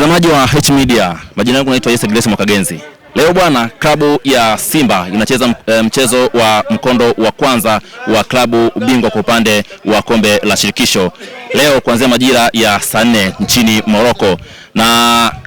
Mtazamaji wa H Media, majina yangu naitwa Jesse Grace Mwakagenzi. Leo bwana, klabu ya Simba inacheza eh, mchezo wa mkondo wa kwanza wa klabu bingwa kwa upande wa kombe la shirikisho leo kuanzia majira ya saa nne nchini Morocco, na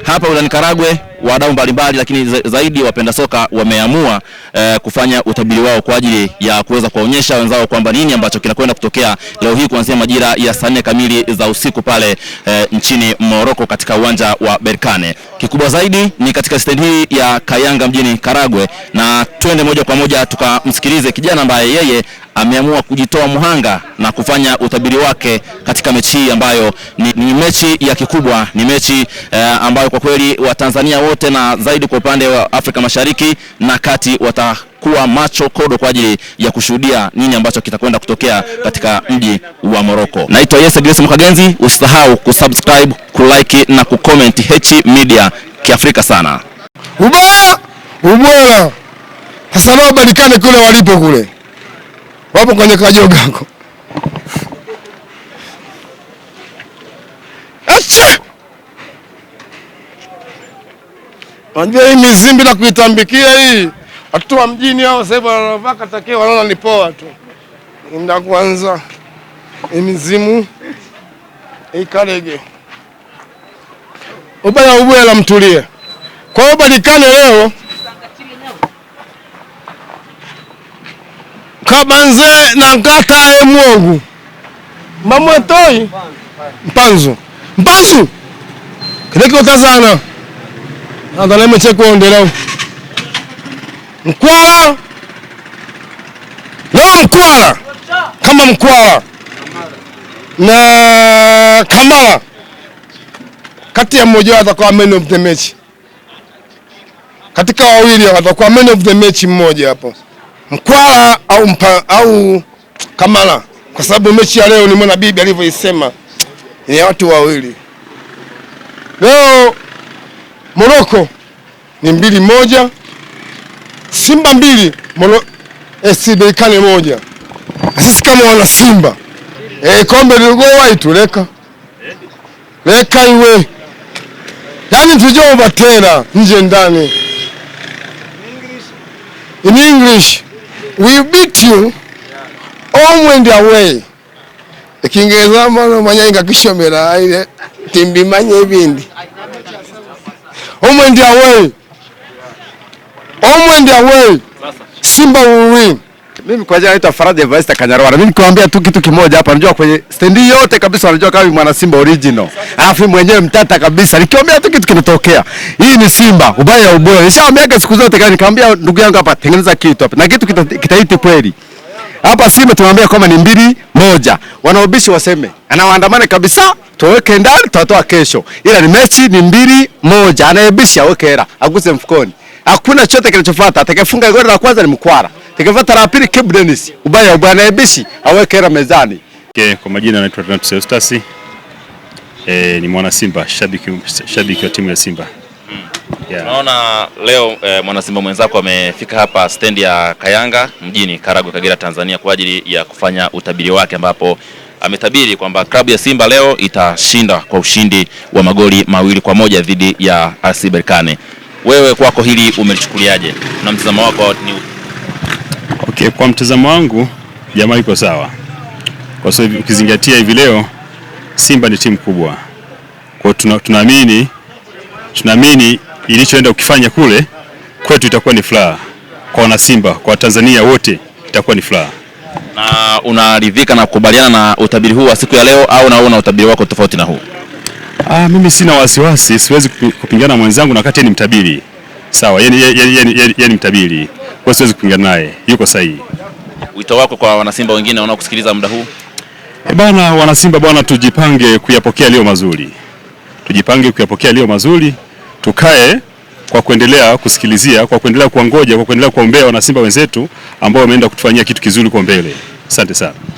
hapa wilani Karagwe, wadau mbalimbali, lakini zaidi wapenda soka wameamua eh, kufanya utabiri wao kwa ajili ya kuweza kuwaonyesha wenzao kwamba nini ambacho kinakwenda kutokea leo hii kuanzia majira ya saa nne kamili za usiku pale eh, nchini Moroko katika uwanja wa Berkane. Kikubwa zaidi ni katika stendi hii ya Kayanga mjini Karagwe, na twende moja kwa moja tukamsikilize kijana ambaye yeye ameamua kujitoa muhanga na kufanya utabiri wake katika mechi hii ambayo ni, ni mechi ya kikubwa, ni mechi eh, ambayo kwa kweli Watanzania wote na zaidi kwa upande wa Afrika Mashariki na Kati watakuwa macho kodo kwa ajili ya kushuhudia nini ambacho kitakwenda kutokea katika mji wa Moroko. Naitwa Yese Grace Mkagenzi, usisahau kusubscribe, kulike na kucomment H Media Kiafrika sana. Ubaya ubora, kwa sababu badikane kule walipo, kule wapo kwenye kajogako Unajua hii mizimu na kuitambikia hii, watoto wa mjini hao sasa hivi wanavaa katakio, wanaona ni poa tu. Ndio kwanza hii mizimu hii Karege ubaya ubwe la mtulie. Kwa hiyo Berkane leo kabanze na ngata aye mwongu mamwetoi mpanzu mpanzu kiko utazana Nadhani chekuondelevu mkwara na mkwara kama mkwara na kamara, kati ya mmoja wao atakuwa man of the match, katika wawili atakuwa man of the match mmoja hapo, mkwara au mpa, au kamala kwa sababu mechi ya leo ni mwana bibi alivyoisema ni watu wawili leo Moroko ni mbili moja, Simba mbili Moro, SC Berkane moja. Sisi kama wana Simba e, kombe lilogowa ituleka leka iwe yaani tujoba tena nje ndani. In English we beat you home and away. Ikiingereza e, mbona manya kishomera ile timbi manye ibindi home and away, home and away, Simba will win. Mimi kwa jina naitwa Farad Evarista Kanyarwara. Mimi nikwambia tu kitu kimoja hapa, unajua kwenye stendi yote kabisa unajua kama mwana Simba original. Alafu mwenyewe mtata kabisa. Nikiambia tu kitu kinatokea. Hii ni Simba, ubaya ubora. Nishaambia siku zote kani, nikamwambia ndugu yangu hapa tengeneza kitu hapa. Na kitu kitaiti kweli. Hapa Simba tunawaambia kwamba ni mbili moja. Wanaobishi waseme anawaandamane kabisa, tuweke ndani, tutatoa kesho, ila ni mechi ni mbili moja. Anayebishi aweke hela, aguse mfukoni. Hakuna chote kinachofuata. Atakayefunga goli la kwanza ni mkwara, atakayefuata la pili Kibu Dennis. Ubaya ubaya, anayebishi aweke hela mezani. Okay, kwa majina anaitwa Renato Eh, ni mwana Simba, shabiki shabiki wa timu ya Simba. Yeah. Tunaona leo e, mwanasimba mwenzako amefika hapa stendi ya Kayanga mjini Karagwe, Kagera, Tanzania kwa ajili ya kufanya utabiri wake ambapo ametabiri kwamba klabu ya Simba leo itashinda kwa ushindi wa magoli mawili kwa moja dhidi ya RC Berkane. Wewe kwako hili umelichukuliaje na mtazamo wako ni... Okay, kwa mtazamo wangu jamaa iko sawa, kwa sababu ukizingatia hivi leo Simba ni timu kubwa, kwa tunaamini tunaamini ilichoenda ukifanya kule kwetu itakuwa ni furaha kwa wanasimba, kwa Tanzania wote itakuwa ni furaha. Na unaridhika na kukubaliana na utabiri huu wa siku ya leo au naona utabiri wako tofauti na huu? Ah, mimi sina wasiwasi, siwezi kupingana na mwenzangu, na wakati ni mtabiri sawa, yeye ni mtabiri, kwa siwezi kupingana naye, yuko sahihi. Wito wako kwa wanasimba wengine wanaokusikiliza muda huu? E bana, wanasimba bwana, tujipange kuyapokea leo mazuri, tujipange kuyapokea leo mazuri tukae kwa kuendelea kusikilizia, kwa kuendelea kuangoja, kwa kuendelea kuombea wanasimba wenzetu ambao wameenda kutufanyia kitu kizuri kwa mbele. Asante sana.